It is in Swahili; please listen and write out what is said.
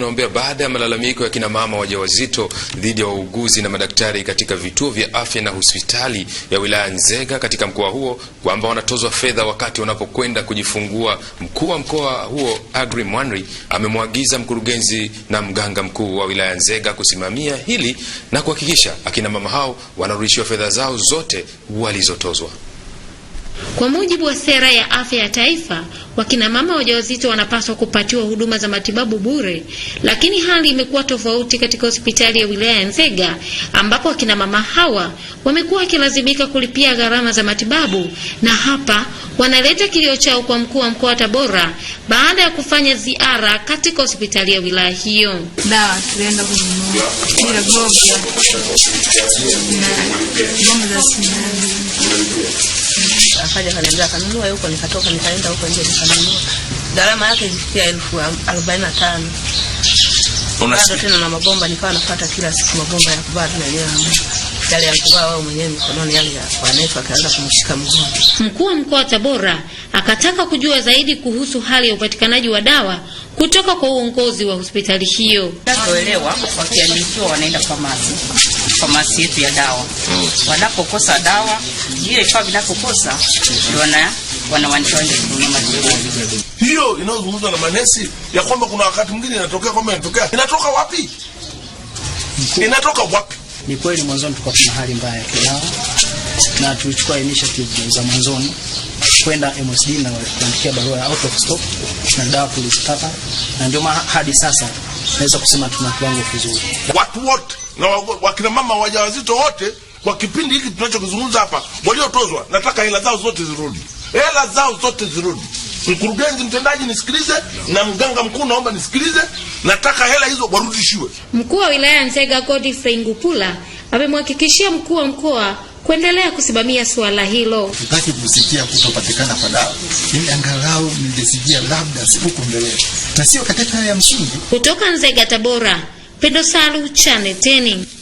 tunaombea baada ya malalamiko ya kina mama wajawazito dhidi ya wa wauguzi na madaktari katika vituo vya afya na hospitali ya wilaya Nzega katika mkoa huo kwamba wanatozwa fedha wakati wanapokwenda kujifungua. Mkuu wa mkoa huo Agri Mwanri amemwagiza mkurugenzi na mganga mkuu wa wilaya Nzega kusimamia hili na kuhakikisha akina mama hao wanarudishiwa fedha zao zote walizotozwa kwa mujibu wa sera ya afya ya taifa. Wakinamama wajawazito wanapaswa kupatiwa huduma za matibabu bure, lakini hali imekuwa tofauti katika hospitali ya wilaya ya Nzega ambapo wakinamama hawa wamekuwa wakilazimika kulipia gharama za matibabu, na hapa wanaleta kilio chao kwa mkuu wa mkoa wa Tabora baada ya kufanya ziara katika hospitali ya wilaya hiyo. Dawa tulienda kununua na za sindano akaja akaniambia akanunua huko, nikatoka nikaenda huko nje nikanunua, gharama yake ilifikia elfu arobaini na tano bado tena na mabomba, nikawa napata kila siku mabomba ya kuvaa tunalewa yale ya kuvaa wao mwenyewe mikononi, yale ya wanefu, akaanza kumshika mgonjwa. Mkuu wa mkoa wa Tabora akataka kujua zaidi kuhusu hali ya upatikanaji wa dawa kutoka kwa uongozi wa hospitali hiyo. Kuelewa wakiandikiwa wanaenda famasi, famasi yetu ya dawa. Wanapokosa dawa, vile vifaa vinapokosa, ndio hiyo inayozungumzwa na manesi ya kwamba kuna wakati mwingine inatokea kwamba inatokea inatoka wapi? Inatoka wapi? Ni kweli mwanzoni tulikuwa kuna hali mbaya ya kidawa na tulichukua initiative za mwanzoni kwenda MSD na kuandikia barua ya out of stock na dawa kulizipata, na ndio hadi sasa naweza kusema tuna kiwango kizuri. Watu wote na wakina mama wajawazito wote kwa kipindi hiki tunachokizungumza hapa, waliotozwa, nataka hela zao zote zirudi, hela zao zote zirudi. Mkurugenzi mtendaji nisikilize, na mganga mkuu naomba nisikilize, nataka hela hizo warudishiwe. Mkuu wa wilaya ya Nzega Godfrey Ngupula amemhakikishia mkuu wa mkoa kuendelea kusimamia suala hilo. Tutaki kusikia kutopatikana kwa dawa, ili angalau ningesikia labda siku mbele, na sio katika haya ya msingi. Kutoka Nzega, Tabora, Pendo Salu, Channel 10.